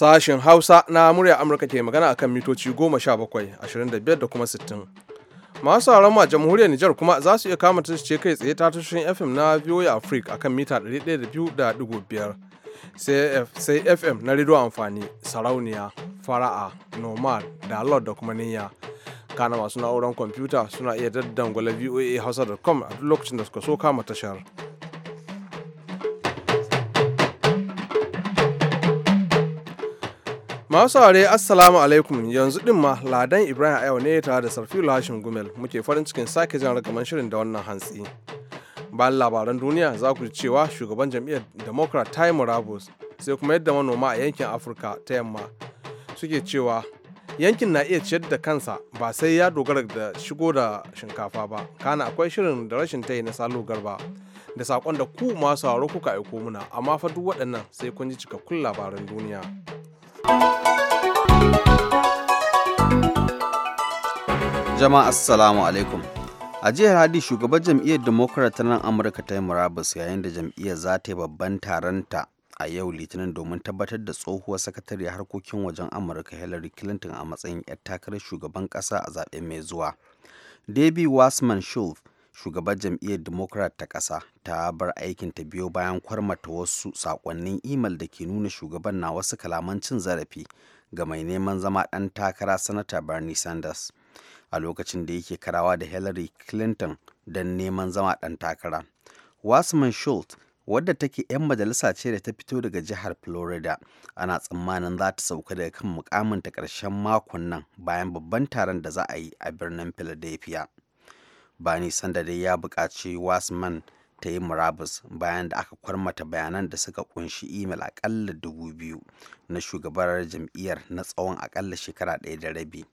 Sashen Hausa na murya Amurka ke magana akan mitoci 17, 25 da kuma 60. Masu sauran ma jamhuriyar Nijar kuma za su iya kama ce kai tsaye ta tushen FM na VOA Africa akan mita 102.5 sai FM na rediyo amfani sarauniya fara'a nomad da lord da kuma niyya kana masu na'urar kwamfuta suna iya daddangwala voa hausa.com a duk lokacin da suka so kama tashar. Masu aure assalamu alaikum yanzu din ma ladan Ibrahim Ayo ne tare da Sarfilu Hashim Gumel muke farin cikin sake jan ragaman shirin da wannan hantsi. Bayan labaran duniya za ku ji cewa shugaban jam'iyyar Democrat Tayi Morabos sai kuma yadda manoma a yankin Afirka ta yamma suke cewa yankin na iya ciyar da kansa ba sai ya dogara da shigo da shinkafa ba kana akwai shirin da rashin tayi na salo garba da sakon da ku masu sauraro kuka aiko muna amma fa duk waɗannan sai kun ji cikakkun labaran duniya. Jama'a Assalamu alaikum. A jihar Hadi shugaban jam'iyyar Democrat ta nan Amurka ta yi murabus yayin da jam'iyyar za ta yi babban taronta a yau Litinin domin tabbatar da tsohuwar sakatare harkokin wajen Amurka Hillary Clinton a matsayin 'yar takarar shugaban ƙasa a zaɓen mai zuwa. Debbie Wasman Schultz shugaban jam'iyyar democrat ta ƙasa ta bar aikin ta biyo bayan kwarmata wasu sakonnin imel da ke nuna shugaban na wasu kalaman cin zarafi ga mai neman zama ɗan takara sanata bernie sanders a lokacin da yake karawa da hillary clinton don neman zama ɗan takara wasman schultz wadda take 'yan majalisa ce da ta fito daga jihar florida ana tsammanin za ta sauka daga kan mukaminta ƙarshen makon nan bayan babban taron da za a yi a birnin philadelphia bani sanda dai ya buƙaci wasman ta yi murabus bayan da aka kwarmata bayanan da suka kunshi imel akalla dubu biyu na shugabar jam'iyyar na tsawon akalla shekara ɗaya da rabi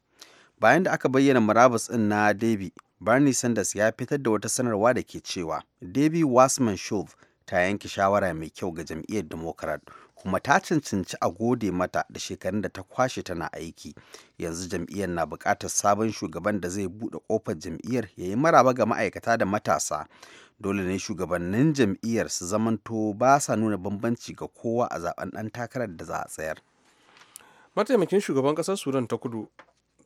bayan da aka bayyana murabus ɗin na debi bernie sanders ya fitar da wata sanarwa da ke cewa debi wasman shove ta yanke shawara mai kyau ga jam'iyyar democrat kuma ta cancanci a gode mata da shekarun da ta kwashe tana aiki yanzu jam'iyyar na bukatar sabon shugaban da zai buɗe ƙofar jam'iyyar ya yi maraba ga ma'aikata da matasa dole ne shugabannin jam'iyyar su zamanto ba sa nuna bambanci ga kowa a zaben ɗan takarar da za a tsayar mataimakin shugaban ƙasar sudan ta kudu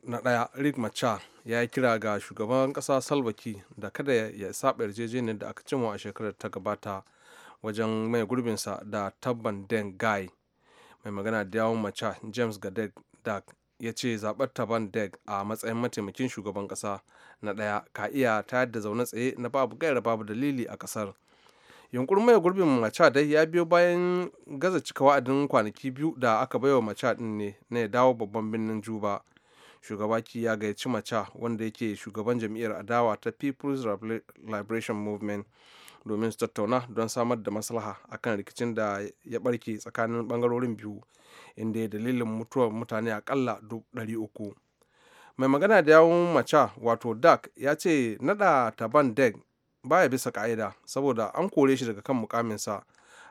na ɗaya rick machar ya yi kira ga shugaban ƙasa salvaki da kada ya saba yarjejeniyar da aka cimma a shekarar ta gabata wajen mai gurbinsa da tabban den guy mai magana da yawon mace james gadet dak ya ce zaɓar taban deg a matsayin mataimakin shugaban ƙasa na ɗaya ka iya tayar da zaune tsaye na babu gaira babu dalili a ƙasar yunkurin mai gurbin mace dai ya biyo bayan gaza cika wa'adin kwanaki biyu da aka baiwa mace din ne na ya dawo babban birnin juba shugaba ki ya gayyaci mace wanda yake shugaban jam'iyyar adawa ta people's liberation movement domin su tattauna don samar da maslaha akan rikicin da ya barke tsakanin bangarorin biyu inda ya dalilin mutuwar mutane akalla uku. mai magana da yawon maca wato dak ya ce nada taban deg baya bisa ka'ida saboda an kore shi daga kan mukaminsa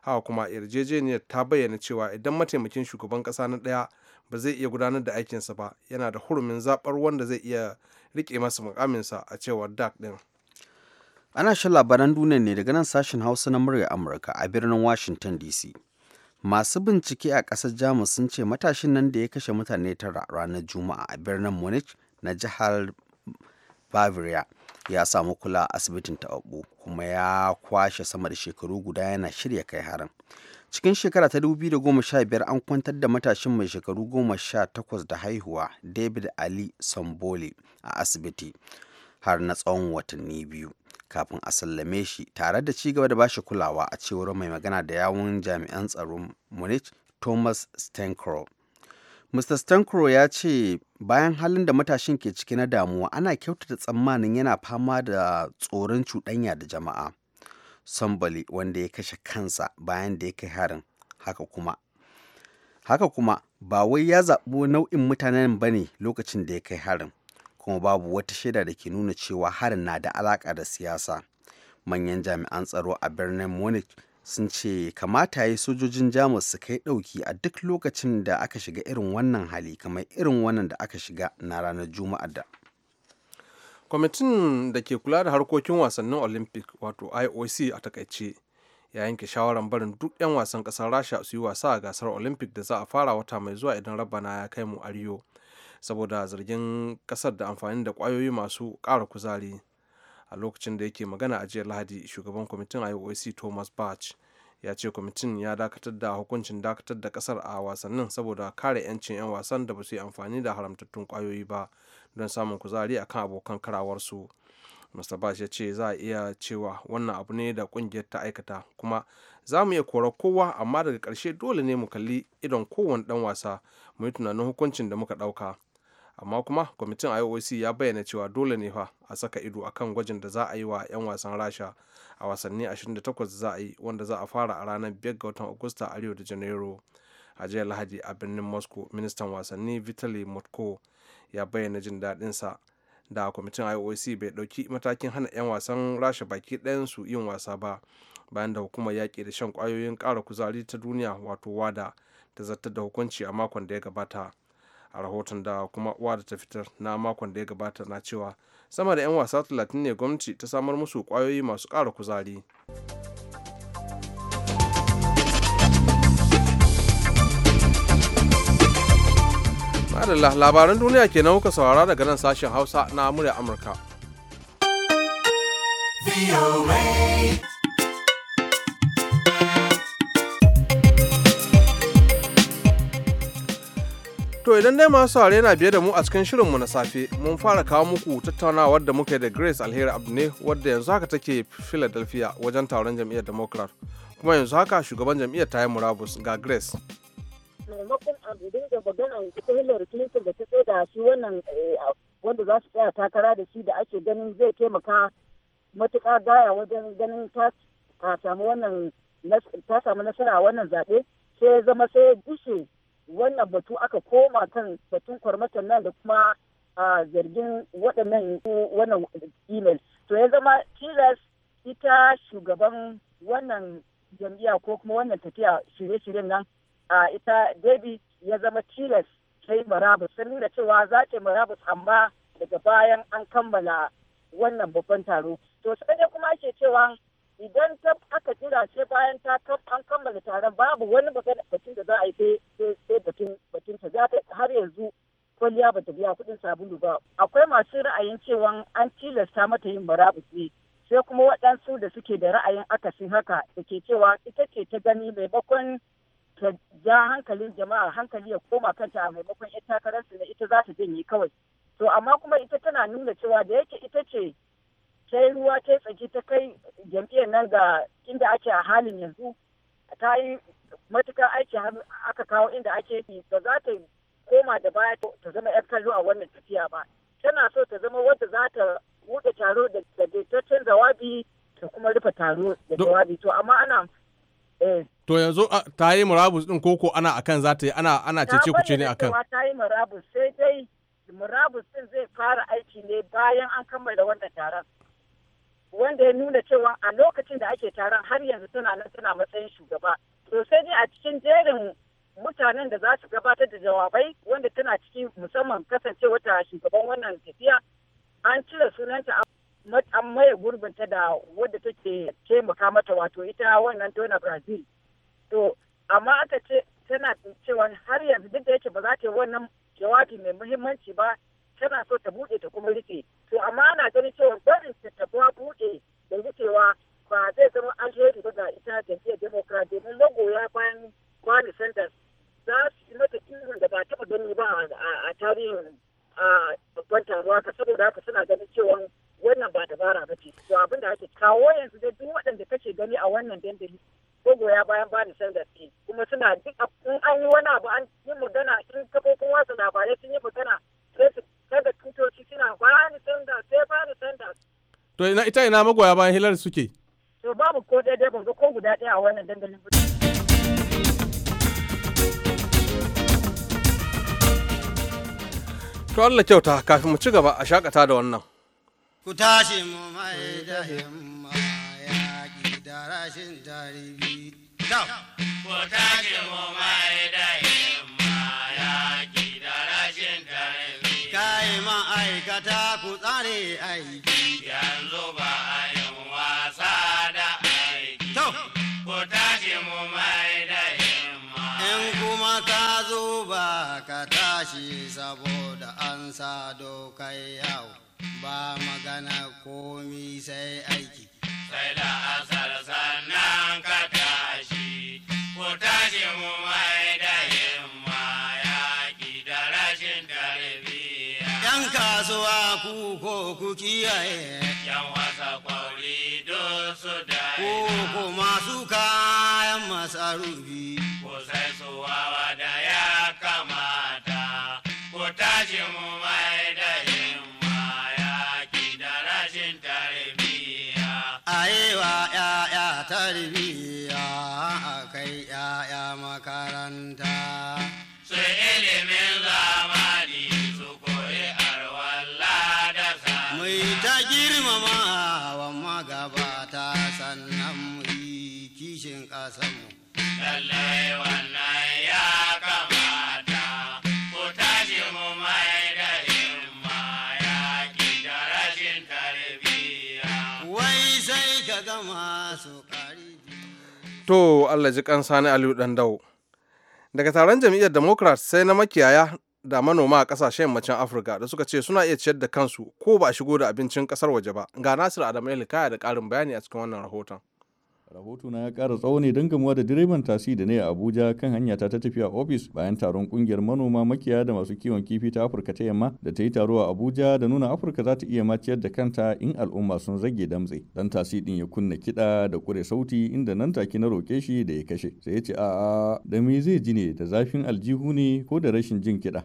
haka kuma yarjejeniyar ta bayyana cewa idan mataimakin shugaban kasa na ɗaya ba zai iya gudanar da aikinsa ba yana da hurumin zabar wanda zai iya rike masa mukaminsa a cewar dak din Ana shan labaran duniya ne daga nan sashen Hausa na murya Amurka a birnin Washington DC. Masu bincike a ƙasar Jamus sun ce matashin nan da ya kashe mutane tara ranar Juma'a a birnin Munich na jihar Bavaria ya samu kula a asibitin taɓaɓɓu kuma ya kwashe sama da shekaru guda yana shirya kai harin. Cikin shekara ta 2015 an kwantar da matashin mai shekaru 18 da haihuwa David Ali Sambole a asibiti. har na tsawon watanni biyu kafin a sallame shi tare da ci gaba da bashi kulawa a cewar mai magana da yawon jami'an tsaron munich thomas stenkrow mr stenkrow ya ce bayan halin da matashin ke ciki na damuwa ana kyautata tsammanin yana fama da tsoron cuɗanya da jama'a sambali wanda ya kashe kansa bayan da ya kai harin haka kuma haka kuma ba wai ya zaɓi nau'in mutanen ba ne lokacin da ya kai harin kuma babu wata shaida da ke nuna cewa harin na da alaƙa da siyasa manyan jami'an tsaro a birnin munich sun ce kamata ya sojojin jamus su kai ɗauki a duk lokacin da aka shiga irin wannan hali kamar irin wannan da aka shiga na ranar juma'a da kwamitin da ke kula da harkokin wasannin olympic wato ioc a takaice ya yanke shawarar barin duk 'yan wasan kasar rasha su yi wasa a gasar olympic da za a fara wata mai zuwa idan rabana ya kai mu a rio saboda zargin kasar da amfani da kwayoyi masu ƙara kuzari a lokacin da yake magana a jiya lahadi shugaban kwamitin ioc thomas bach ya ce kwamitin ya dakatar da hukuncin dakatar da kasar a wasannin saboda kare 'yancin 'yan wasan da ba su yi amfani da haramtattun kwayoyi ba don samun kuzari a kan abokan karawarsu mr bash ya ce za a iya cewa wannan abu ne da kungiyar ta aikata kuma za mu iya kora kowa amma daga karshe dole ne mu kalli idon kowane ɗan wasa mu yi tunanin hukuncin da muka ɗauka amma kuma kwamitin ioc ya bayyana cewa dole ne fa a saka ido a kan gwajin da za a yi wa 'yan wasan rasha a wasanni 28 za a yi wanda za a fara a ranar 5 ga watan agusta a rio de janeiro a jiya lahadi a birnin moscow ministan wasanni vitali mutko ya bayyana jin daɗinsa da kwamitin ioc bai ɗauki matakin hana 'yan wasan rasha baki ɗayan su yin wasa ba bayan da hukumar yaƙi da shan kwayoyin ƙara kuzari ta duniya wato wada ta zartar da hukunci a makon da ya gabata a rahoton da kuma uwa da ta fitar na makon da ya gabata na cewa sama da 'yan wasa 30 ne gwamnati ta samar musu kwayoyi masu ƙara kuzari madalla labaran duniya kenan kuka saurara daga nan sashen hausa na murya amurka To idan dai masu saurare yana biye da mu a cikin shirinmu na safe, mun fara kawo muku tattaunawar da muke da Grace Alheri Abdu ne wadda yanzu haka take Philadelphia wajen taron jam'iyyar Democrat. Kuma yanzu haka shugaban jam'iyyar ta yi murabus ga Grace. Maimakon abu da magana ita Hillary Clinton da ta tsaye shi eh, wanda za su tsaya takara da shi da ake ganin zai taimaka matuƙa gaya wajen ganin ta samu wannan ta nasara wannan zaɓe sai zama sai ya gushe wannan batu aka koma kan batun kwarmatan nan da kuma zargin waɗannan wannan email to ya zama tilas ita shugaban wannan jam'iyya ko kuma wannan tafiya shirye-shiryen nan a ita debi ya zama tilas ta yi marabus sun da cewa za ta yi marabus amma daga bayan an kammala wannan babban taro to sai kuma ake cewa idan ta aka kira shi bayan ta an kammala taron babu wani batun da za a yi sai batun ta za ta har yanzu kwalliya ba ta biya kudin sabulu ba akwai masu ra'ayin cewa an tilasta mata yin marabus sai kuma waɗansu da suke da ra'ayin akasin haka da ke cewa ita ce ta gani maimakon ta ja hankalin jama'a hankali ya koma kanta a maimakon ita takararsu na ita za ta janye kawai to amma kuma ita tana nuna cewa da yake ita ce sai ruwa ta tsaki ta kai jam'iyyar nan ga inda ake a halin yanzu ta yi matuƙar aiki har aka kawo inda ake yi ba za ta koma da baya ta zama yar kallo a wannan tafiya ba tana so ta zama wadda za ta buɗe taro da daidaitaccen jawabi ta kuma rufe taro da jawabi to amma ana eh. To yanzu ta yi murabus ɗin koko ana akan za ta yi ana ana cece ce ne akan. Ta yi murabus sai dai murabus ɗin zai fara aiki ne bayan an kammala wannan taron. wanda ya nuna cewa a lokacin da ake taron har yanzu tana nan tana matsayin shugaba sosai sai a cikin jerin mutanen da za su gabatar da jawabai wanda tana ciki musamman kasancewa ta shugaban wannan tafiya an cire sunanta an maye gurbinta da wadda take taimaka mata wato ita wannan tona brazil to amma aka ce tana cewa har yanzu duk da yake ba za ta yi wannan jawabi mai muhimmanci ba tana so ta buɗe ta kuma rike to amma ana ganin cewa barin ta ta buɗe yanzu cewa ba zai zama alheri ba ga ita jam'iyyar democrat domin magoya bayan kwani sanders za su yi mata ihun da ba taɓa gani ba a tarihin babban taruwa ka saboda haka suna ganin cewa wannan ba dabara ba ce to abin da ake kawo yanzu dai duk waɗanda kake gani a wannan dandali magoya bayan bani sanders ke kuma suna duk in an yi wani abu an yi magana in kafofin watsa labarai sun yi magana To ina ita ina magoya bayan hilar suke? To babu ko ɗaya dai ban ko guda ɗaya a wannan dandalin. To Allah kyauta kafin mu ci gaba a shakata da wannan. Ku tashi mu mai da himma ya ki da rashin daribi. Ku tashi mu mai da himma ya ki da rashin yi Kai aikata ku tsare aiki. kai yau ba magana komi sai aiki. Sai da asar sannan ka tashi, ko tashi mu mai da himma ki da rashin tarbiyya. Yan kasuwa ku ko ku kiyaye. Yan wasa kwauri do su da ku ko masu kayan masarufi. Ko sai suwa da ya kamata, ko tashi mu mai tarbiyya a kai ‘ya'ya makaranta. Su ilimin zamani su koyi arwalla da sa. ta girmama wa magabata sannan mu yi kishin ƙasanmu. Lallai wannan ya kamata, ku tashi mu mai da himma yaƙi da rashin tarbiyya. Wai sai ka gama su ƙari. To Allah ji kan Sani Aliyu Dandau. Daga taron jam'iyyar Democrat sai na makiyaya da manoma a kasashen yammacin Afirka da suka ce suna iya ciyar da kansu ko ba a shigo da abincin kasar waje ba. Ga Nasir Adamu Elikaya da ƙarin bayani a cikin wannan rahoton. rahoto na ya kara tsawo ne don gamuwa da direban tasi da ne a abuja kan hanya ta tafiya ofis bayan taron kungiyar manoma makiya da masu kiwon kifi ta afirka ta yamma da ta yi taro a abuja da nuna afirka za ta iya maciyar da kanta in al'umma sun zage damtse dan tasi din ya kunna kiɗa da kure sauti inda nan take na roke shi da ya kashe sai ya ce a'a da me zai ji ne da zafin aljihu ne ko da rashin jin kiɗa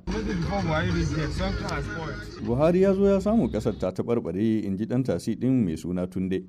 buhari ya zo ya samu kasar ta taɓarɓare in ji dan tasi ɗin mai suna tunde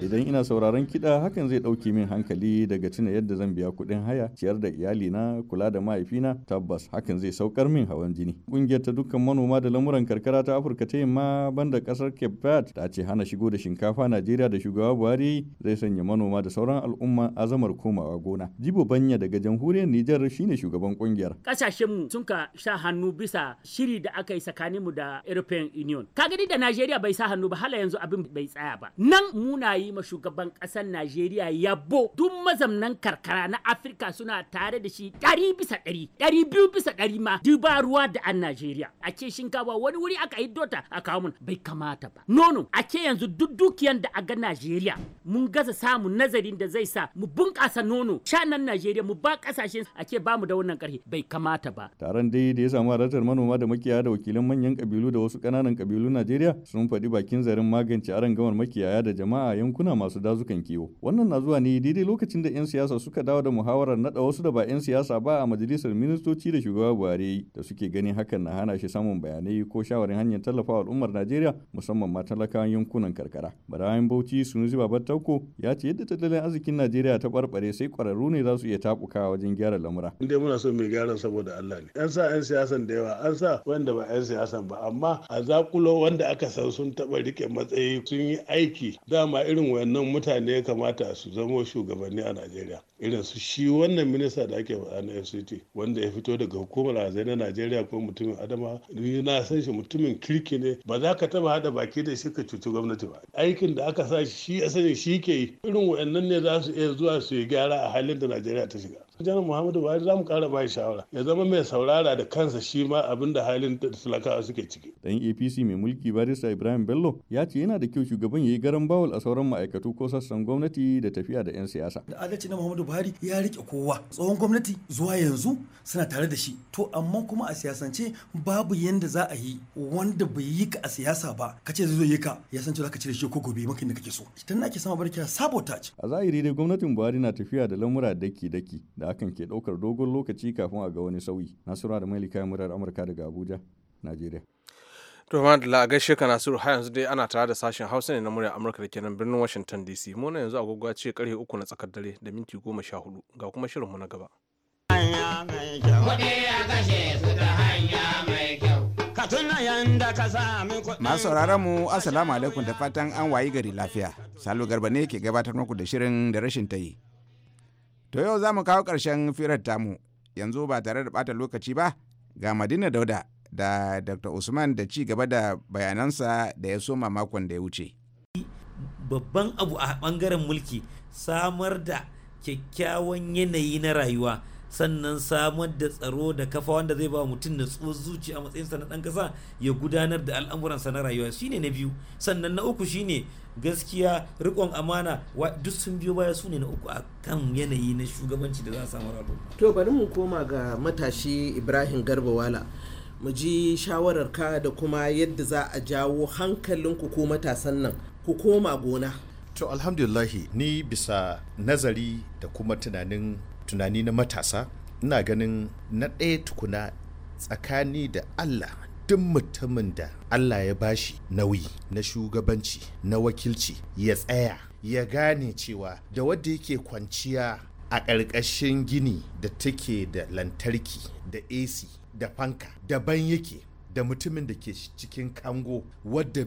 idan ina sauraron kiɗa hakan zai ɗauke min hankali daga tuna yadda zan biya kuɗin haya ciyar da iyali na kula da mahaifina tabbas hakan zai saukar min hawan jini ƙungiyar ta dukkan manoma da lamuran karkara ta afirka ta yamma banda ƙasar cape verde ta ce hana shigo da shinkafa najeriya da shugaba buhari zai sanya manoma da sauran al'umma azamar komawa gona jibo banya daga jamhuriyar nijar shine shugaban ƙungiyar ƙasashenmu sun ka sha hannu bisa shiri da aka yi tsakaninmu da european Union kaga da Najeriya bai sa hannu ba hala yanzu abin bai tsaya ba nan muna yi ma shugaban ƙasar Najeriya yabo duk mazamnan karkara na Afirka suna tare da shi ɗari bisa ɗari ɗari biyu bisa ɗari ma duba ruwa da an Najeriya a ce shinkafa wani wuri aka yi dota a kawo mun bai kamata ba nono a ce yanzu duk dukiyan da a ga Najeriya mun gaza samun nazarin da zai sa mu bunƙasa nono shanan Najeriya mu ba ƙasashen a ce ba mu da wannan ƙarfi bai kamata ba taron dai da ya samu halartar manoma da makiyaya da wakilan manyan kabilu da wasu ƙananan kabilun Najeriya sun faɗi bakin zarin magance gamar makiyaya da jama'a yankuna masu dazukan kiwo. Wannan na zuwa ne daidai lokacin da 'yan siyasa suka dawo da muhawarar naɗa wasu da ba 'yan siyasa ba a majalisar ministoci da shugaba Buhari da suke ganin hakan na hana shi samun bayanai ko shawarin hanyar tallafawa al'ummar Najeriya musamman ma talakawan yankunan karkara. Barayin Bauchi Sunusi Babar Tauko ya ce yadda tattalin arzikin Najeriya ta barbare sai kwararru ne za su iya tabuka wajen gyara lamura. Inda muna so mai gyaran saboda Allah ne. An sa 'yan siyasan da yawa an sa wanda ba 'yan siyasan ba amma a kulo wanda aka san sun taɓa rike matsayi sun yi aiki dama irin wayannan mutane ya kamata su zamo shugabanni a najeriya irin su shi wannan minista da ake faɗa na fct wanda ya fito daga hukumar azai na najeriya ko mutumin adama ni na san shi mutumin kirki ne ba za ka taba haɗa baki da shi ka cuci gwamnati ba aikin da aka sa shi ya shi ke yi irin wayannan ne za su iya zuwa su yi gyara a halin da najeriya ta shiga Jana muhammadu buhari za mu kara bai shawara ya zama mai saurara da kansa shi ma abin da halin talakawa suke ciki dan apc mai mulki barista ibrahim bello ya ce yana da kyau shugaban ya yi garan bawul a sauran ma'aikatu ko sassan gwamnati da tafiya da 'yan siyasa da adalci na muhammadu buhari ya rike kowa tsohon gwamnati zuwa yanzu suna tare da shi to amma kuma a siyasance babu yanda za a yi wanda bai yi ka a siyasa ba ka kace zai zo yi ka ya san cewa ka cire shi ko gobe maka inda kake so na ake sama barka sabotage a zahiri dai gwamnatin buhari na tafiya da lamura daki daki da da hakan ke ɗaukar dogon lokaci kafin a ga wani sauyi nasura da mailika murar amurka daga abuja najeriya to madalla a gaishe ka nasiru har yanzu dai ana tare da sashen hausa ne na murya amurka da kenan birnin washington dc muna yanzu agogo ce karfe uku na tsakar dare da minti goma sha hudu ga kuma shirin mu na gaba Masu sauraron mu Assalamu alaikum da fatan an wayi gari lafiya. Salo Garba ne ke gabatar muku da shirin da rashin ta yi. To yau za mu kawo ƙarshen firar tamu yanzu ba tare da ɓata lokaci ba ga Madina Dauda da Dr. Usman da ci gaba da bayanansa da ya soma makon da ya wuce. Babban abu a ɓangaren mulki samar da kyakkyawan yanayi na rayuwa. sannan samar da tsaro da kafa wanda zai ba mutum na zuci a matsayinsa na ɗan ƙasa ya gudanar da al'amuransa na rayuwa shine na biyu sannan na uku shine gaskiya riƙon amana duk sun biyo baya su ne na uku a kan yanayi na shugabanci da za a samu rabu to bari mu koma ga matashi ibrahim garba wala mu ji shawarar ka da kuma yadda za a jawo hankalin ku ko matasan nan ku koma gona. to alhamdulillahi ni bisa nazari da kuma tunanin tunani na matasa ina ganin na ɗaya tukuna tsakani da allah duk mutumin da allah ya bashi nauyi na shugabanci na wakilci ya tsaya ya gane cewa da wadda yake kwanciya a ƙarƙashin gini da take da lantarki da ac da fanka daban yake da mutumin da ke cikin kango wadda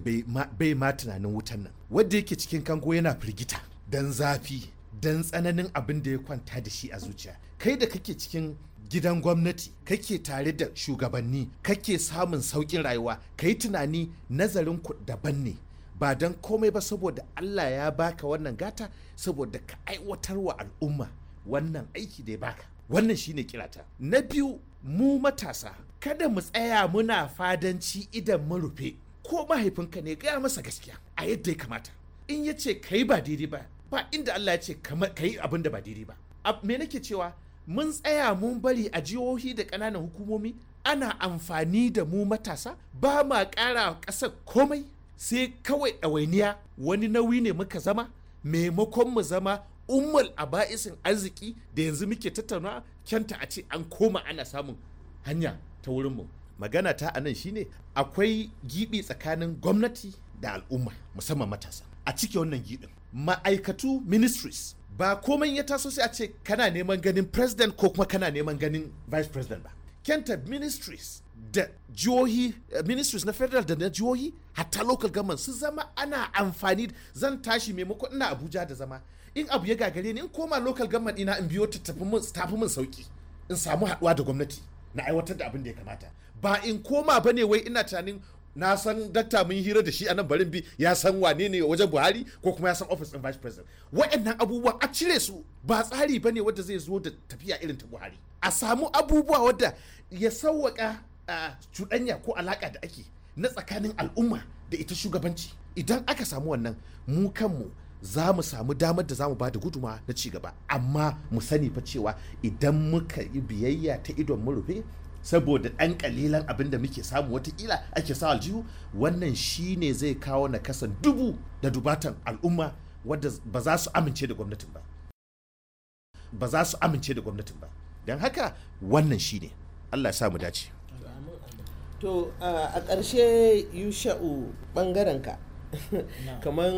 bai ma tunanin wutan nan wadda yake cikin kango yana firgita don zafi don tsananin abin da ya kwanta da shi a zuciya kai da kake cikin gidan gwamnati kake tare da shugabanni kake samun saukin rayuwa ka yi tunani nazarin ku daban ne ba don komai ba saboda allah ya baka wannan gata saboda ka aiwatar wa al'umma wannan aiki da ya baka wannan shine kirata na biyu mu matasa kada mu tsaya muna fadanci idan mu rufe ko mahaifinka ne gaya masa gaskiya a yadda ya kamata in ya ce kai ba daidai ba ba inda Allah ya ce ka yi abin da ba daidai ba me nake cewa mun tsaya mun bari a jihohi da ƙananan hukumomi ana amfani da mu matasa ba ma ƙara ƙasar komai sai kawai ɗawainiya wani nauyi ne muka zama maimakon mu zama ummul aba'isin arziki da yanzu muke tattauna kyanta a ce an koma ana samun hanya ta wurin wurinmu magana ta anan shine akwai gibi tsakanin gwamnati da al'umma musamman matasa a cike wannan giɗin ma'aikatu ministries ba komai ya taso sai a ce kana neman ganin president ko kuma kana neman ganin vice president ba kenta ministries da jihohi eh, ministries na federal da na jihohi hatta local government sun zama ana amfani zan tashi maimakon ina abuja da zama in abu ya gagare ni in koma local government ina in biyo ta tafi min sauki in samu haduwa da gwamnati na aiwatar da abin da ya kamata ba in koma ba ne wai ina tunanin na san dakta mun hira da shi a nan barin bi ya san wane ne wajen buhari ko kuma ya san office din vice president wa'annan abubuwa a cire su ba tsari ba ne wadda zai zo da tafiya irin ta buhari a samu abubuwa wadda ya sauwaka cuɗanya ko alaƙa da ake na tsakanin al'umma da ita shugabanci idan aka samu wannan mu kanmu za mu samu damar da za mu ba da guduma na cigaba amma mu sani fa cewa idan muka yi biyayya ta idon mu rufe saboda ɗan ƙalilan abinda muke samu watakila ake sa aljihu wannan shi ne zai kawo nakasan dubu da dubatan al'umma wadda ba za su amince da gwamnatin ba ba za su amince da gwamnatin ba don haka wannan shi ne allah samu dace to a ƙarshe yusha'u ka kamar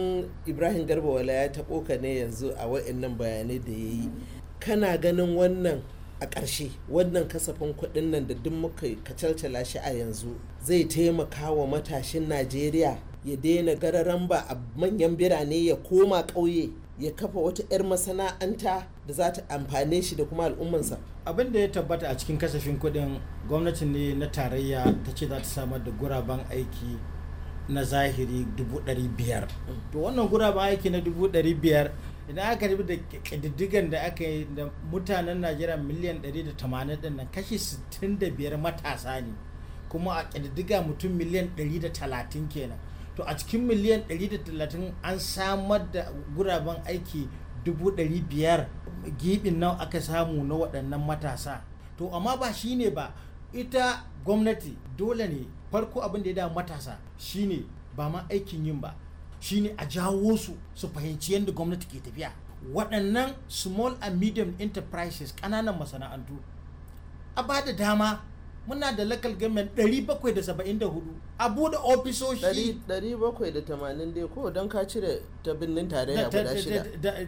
ibrahim garba wala ya taɓo ka ne yanzu a nan bayanai da ya yi kana ganin wannan a ƙarshe wannan kasafin kuɗin nan da duk muka kacalcala shi a yanzu zai taimaka wa matashin najeriya ya daina gararan ba a manyan birane ya koma ƙauye ya kafa wata 'yar masana'anta da za ta amfane shi da kuma al'ummansa abin da ya tabbata a cikin kasafin kuɗin gwamnati ne na tarayya ta ce za ta samar da guraben aiki na zahiri 500 mm. to wannan guraben aiki na 500 idan aka rubu da ƙididdigan da aka yi da mutanen najeriya miliyan 180 din nan kashi 65 matasa ne kuma a ƙididdiga mutum miliyan 130 kenan to a cikin miliyan 130 an samar da guraben aiki 500 gibin nan aka samu na waɗannan matasa to amma ba shi ne ba ita gwamnati dole ne farko abin da ya da matasa shine ba ma aikin yin ba shine a jawo su su fahimci yadda gwamnati ke tafiya waɗannan small and medium enterprises ƙananan masana'antu a ba da dama muna da local government 774 a buɗe ofisoshi 780 dai ko don ka cire ta birnin tarayya guda shida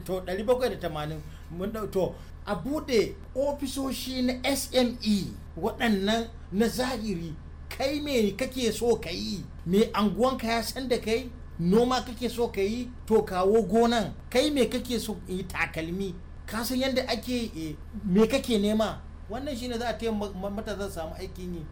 to 780 to a buɗe ofisoshi na sme waɗannan na zahiri kai me kake so ka yi me anguwanka ya san da kai noma kake so ka yi to kawo gonan kai me kake so yi takalmi ka san yadda ake eh, me kake nema wannan shine za a taya matasa samu aikin yi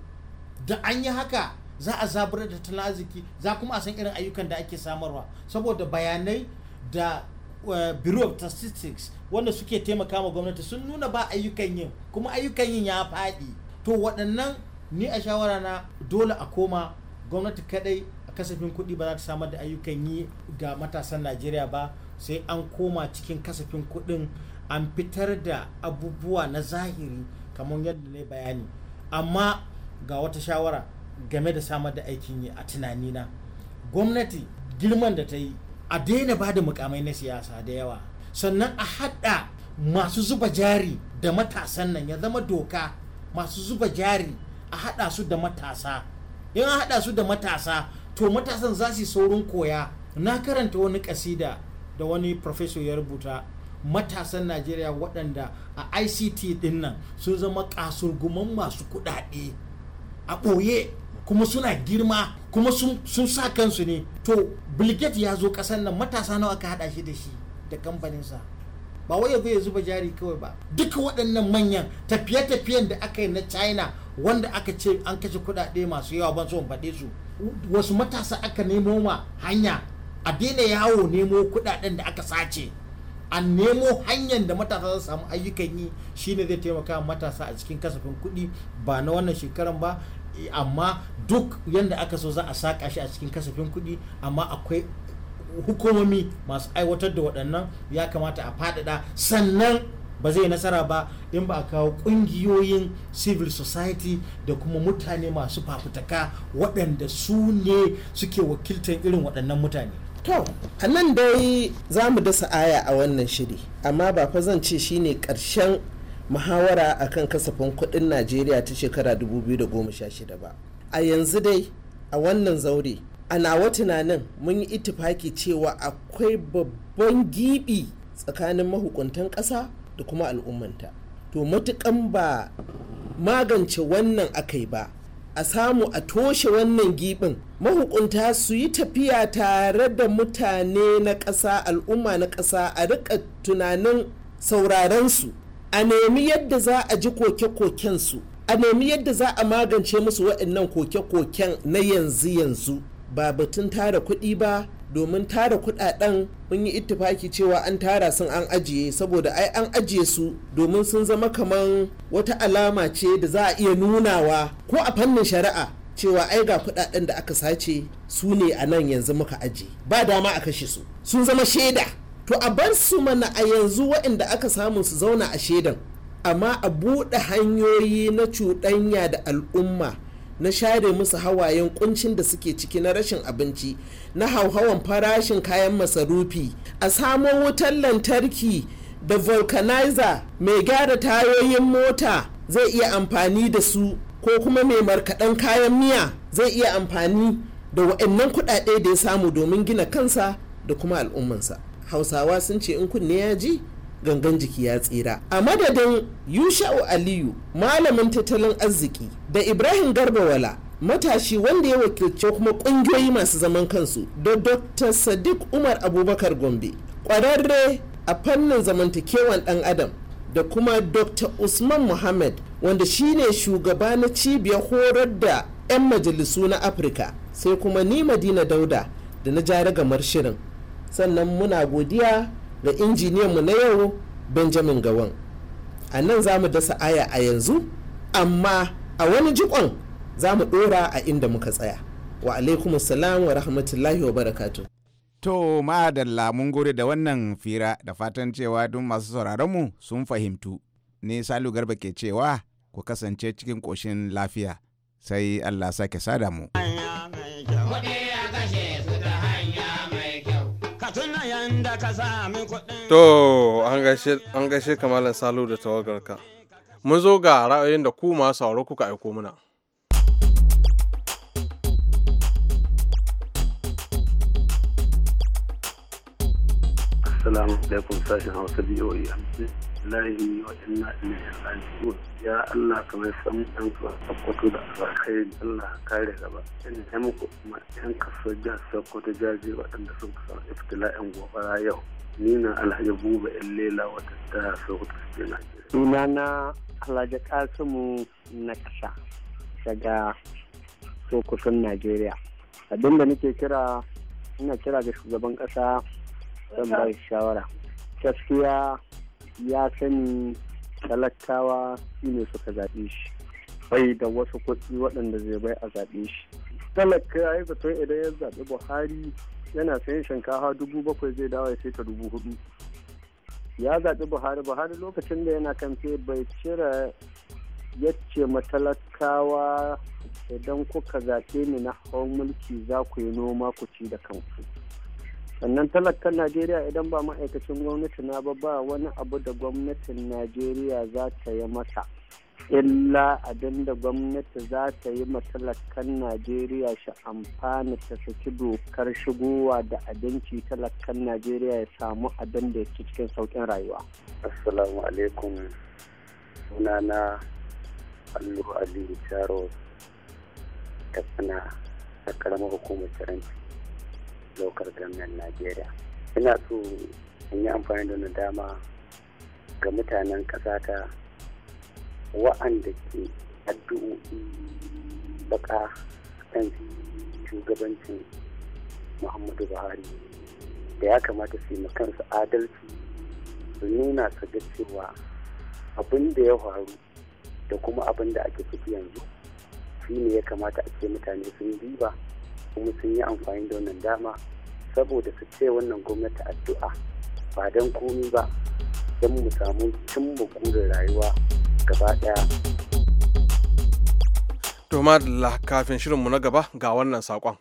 da an yi haka za a zabar da tattalin arziki za kuma a san irin ayyukan da ake samarwa saboda bayanai da eh, bureau of statistics wanda suke taimaka ma gwamnati sun nuna ba ayyukan yin kuma ayyukan yin ya faɗi to waɗannan ni a shawara na dole a koma gwamnati kadai kasafin kuɗi ba za ta samar da ayyukan yi ga matasan najeriya ba sai an koma cikin kasafin kuɗin an fitar da abubuwa na zahiri kamar yadda na bayani amma ga wata shawara game da samar da aikin yi a tunanina gwamnati girman da ta yi a daina ba da mukamai na siyasa da yawa sannan a haɗa masu zuba jari da matasan nan ya zama doka masu zuba jari a haɗa su da matasa in an haɗa su da matasa to matasan za su saurin koya na karanta wani kasida da wani professor ya rubuta matasan najeriya waɗanda a ict din nan sun zama kasurguman masu kuɗaɗe a ɓoye kuma suna girma kuma sun sa kansu ne to bilget ya zo ƙasar nan matasa nawa ka haɗa shi da shi da kamfaninsa ba wai ya zuba jari kawai ba duka waɗannan manyan tafiye-tafiyen da aka yi na china wanda aka ce an kashe kuɗaɗe masu yawa ban so faɗe su wasu matasa aka nemo ma hanya a daina yawo nemo kuɗaɗen da aka sace a nemo hanyar da matasa za su samu ayyukan yi shine zai taimaka matasa a cikin kasafin kuɗi ba na wannan shekaran ba amma duk yadda aka so za a saka shi a cikin kasafin kuɗi amma akwai hukumomi masu aiwatar da waɗannan ya kamata a faɗaɗa sannan ba zai nasara ba in ba a kawo ƙungiyoyin civil society da kuma mutane masu fafutaka waɗanda su ne suke wakiltar irin waɗannan mutane to a nan dai za mu dasa aya a wannan shiri amma ba fa zan ce shine ƙarshen muhawara akan kasafin kuɗin najeriya ta shekara 2016 ba a yanzu dai a wannan zaure a nawa tunanin mun yi ittifaki cewa akwai babban gibi tsakanin mahukuntan ƙasa da kuma al'ummanta to matukan ba magance wannan akai ba a samu a toshe wannan gibin mahukunta su yi tafiya tare da mutane na ƙasa al'umma na ƙasa a rika tunanin saurarensu a nemi yadda za a ji koke-kokensu a nemi yadda za a magance musu waɗannan koke-koken na yanzu-yanzu ba batun tara kuɗi ba domin tara kuɗaɗen mun yi ittifaki cewa an tara sun an ajiye saboda ai an ajiye su domin sun zama kaman wata alama ce da za a iya nunawa ko a fannin shari'a cewa ai ga kuɗaɗen da aka sace su ne a nan yanzu muka ajiye ba dama a kashe su sun zama shaida to a bar su mana a yanzu waɗanda aka samu su zauna a shaidan amma a buɗe hanyoyi na cuɗanya da al'umma na share musu hawayen kuncin da suke ciki na rashin abinci na hauhawan farashin kayan masarufi a samo wutar lantarki da vulcanizer mai gyara tayoyin mota zai iya amfani da su ko kuma mai markaɗen kayan miya zai iya amfani da wa'annan kuɗaɗe da ya samu domin gina kansa da kuma al'ummansa hausawa sun ce in kunne ya ji gangan jiki ya tsira a madadin yusha'u aliyu malamin tattalin arziki da ibrahim garbawala matashi wanda ya wakilce kuma kungiyoyi masu zaman kansu da dr sadiq umar abubakar gombe kwararre a fannin zamantakewan dan adam da kuma dr usman muhammad wanda shine shugaba na cibiyar horar da 'yan majalisu na afirka sai kuma ni madina dauda da na jaragamar shirin sannan muna godiya da injiniyanmu na yau benjamin gawan a nan za mu dasa aya a yanzu amma a wani jikon za mu ɗora a inda muka tsaya wa alaikum salam wa rahmatullahi wa barakatu to da lamun gode da wannan fira da fatan cewa duk masu sauraronmu sun fahimtu ne salu garba ke cewa ku kasance cikin koshin lafiya sai allah sake sada mu. ka kuɗin. To, an gaishe kamalin salo da tawagarka. Mun zo ga ra'ayoyin da ku masu sauraro kuka aiko muna. Salamu alaikum sashen Hausa BOE. lillahi wa inna ilaihi raji'un ya Allah ka bai san dan ka sakkwato da alkhairi Allah ka kare gaba in ya muku kuma yan kaso ja sakkwato jaje waɗanda sun kusa iftila'in gobara yau ni na alhaji buba in lela wata ta sakkwato suke Najeriya. Sunana Alhaji Kasimu Naksa daga Sokoton Najeriya. Abin da nake kira ina kira ga shugaban ƙasa zan ba shawara. Gaskiya ya sani talakawa shi ne suka zaɓe shi bai da wasu kuɗi waɗanda zai bai a zaɓe shi talaka ya yi zaton idan ya zaɓi buhari yana sayan shinkafa dubu bakwai zai dawo ya sai ta dubu hudu ya zaɓi buhari buhari lokacin da yana kan sai bai cire yace matalakawa idan kuka zaɓe ni na hawan mulki za ku yi noma ku ci da kanku sannan talakan najeriya idan ba ma'aikacin gwamnati na ba ba wani abu da gwamnatin najeriya za ta yi masa illa abin da gwamnati za ta yi matalakan najeriya shi amfani ta saki dokar shigowa da abinci talakan najeriya ya samu abin da yake cikin saukin rayuwa assalamu alaikum sunana allu aliyu charles da sana karamar hukumar taranci lokar gwamnan najeriya ina so in yi amfani da dama ga mutanen ƙasata wa'anda ke addu'o'i baka kan shugabancin muhammadu buhari da ya kamata su yi kansu adalci su nuna su ga cewa abin da ya faru da kuma abin da ake ciki yanzu shi ne ya kamata ake mutane sun diba kuma sun yi amfani da wannan dama saboda su ce wannan gwamnati addu'a ba don komi ba don mu samu cimma bukurin rayuwa gaba daya to kafin shirinmu na gaba ga wannan saƙon.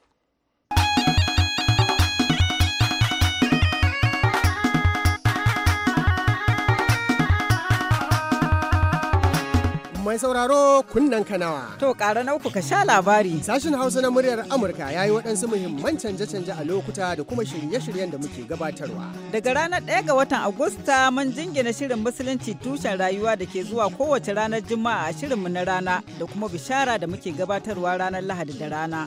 mai sauraro kunnen kanawa. To ƙara na ka sha labari. Sashen Hausa na muryar Amurka ya yi waɗansu muhimman canje-canje a lokuta da kuma shirye-shiryen da muke gabatarwa. Daga ranar 1 ga watan Agusta mun jingina shirin musulunci tushen rayuwa da ke zuwa kowace ranar Juma'a a shirinmu na rana da kuma bishara da muke gabatarwa ranar Lahadi da rana.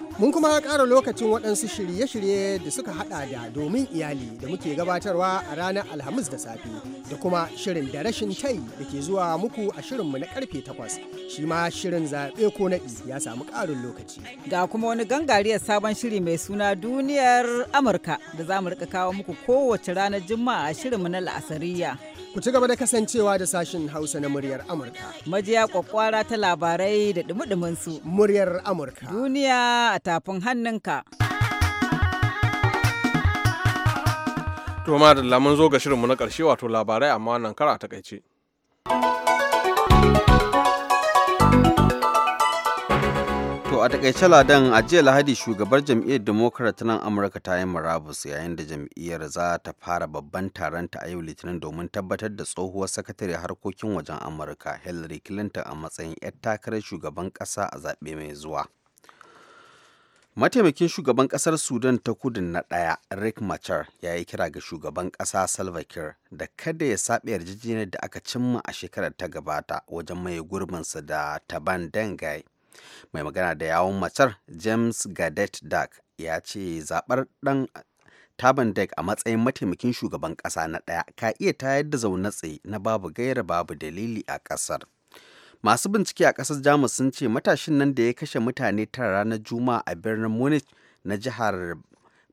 Mun kuma ƙara lokacin waɗansu shirye-shirye da suka haɗa da domin iyali da muke gabatarwa a ranar Alhamis da safe da kuma shirin da rashin tai da ke zuwa muku a shirinmu na karfe takwas. Shi ma shirin zaɓe ko naɗi ya samu ƙarin lokaci. Ga kuma wani gangariyar sabon shiri mai suna duniyar Amurka da za mu rika kawo muku kowace ranar Juma'a a shirinmu na La'asariya. Ku ci gaba da kasancewa da sashin Hausa na muryar Amurka. Majiya kwakwara ta labarai da dumudumin su. Muryar Amurka. Duniya a tafin hannunka. To ma da lamun zo ga shirinmu na karshe wato labarai amma wannan kara a takaice. takaice ladan a jiya lahadi shugabar jam'iyyar democrat nan amurka ta yi murabus yayin da jam'iyyar za ta fara babban taron a yau litinin domin tabbatar da tsohuwar sakatare harkokin wajen amurka hillary clinton a matsayin 'yar takarar shugaban kasa a zaɓe mai zuwa mataimakin shugaban kasar sudan ta kudu na ɗaya rick machar ya yi kira ga shugaban ƙasa salva kiir da kada ya saɓe yarjejeniyar da aka cimma a shekarar ta gabata wajen mai gurbinsa da taban dengai mai magana da yawon macar james gadet dark ya ce zaɓar ɗan taban a matsayin mataimakin shugaban ƙasa na ɗaya ka iya tayar da zaune tsaye na babu gaira babu dalili a ƙasar masu bincike a ƙasar jamus sun ce matashin nan da ya kashe mutane tara ranar juma'a a birnin munich na jihar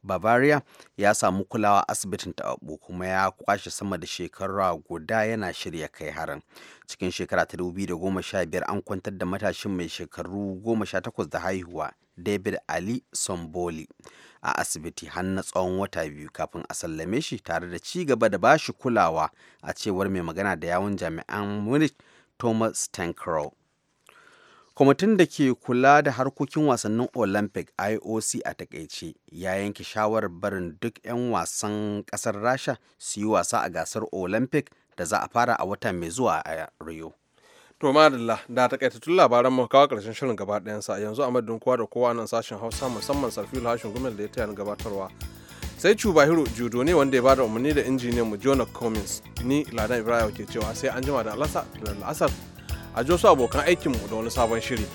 bavaria ya samu kulawa asibitin taɓo kuma ya kwashe sama da shekara guda yana shirya kai harin cikin shekara ta biyar an kwantar da matashin mai shekaru takwas da haihuwa david ali somboli a asibiti har na tsawon wata biyu kafin a sallame shi tare da ci gaba da bashi kulawa a cewar mai magana da yawon jami'an munich thomas tankrow kwamitin da ke kula da harkokin wasannin olympic ioc a takaice ya yanke shawarar barin duk 'yan wasan kasar rasha su yi wasa a gasar olympic da za a fara a wata mai zuwa a rio to madalla da labaran mu kawo karshen shirin gaba sa yanzu a madadin kowa da kowa nan sashen hausa musamman sarfil hashin gumel da ya taya gabatarwa sai cubahiro judo ne wanda ya bada umarni da injiniyan mu jonah cummins ni ladan ibrahim ke cewa sai an jima da alasa da al'asar a wasu abokan aikinmu da wani sabon shiri.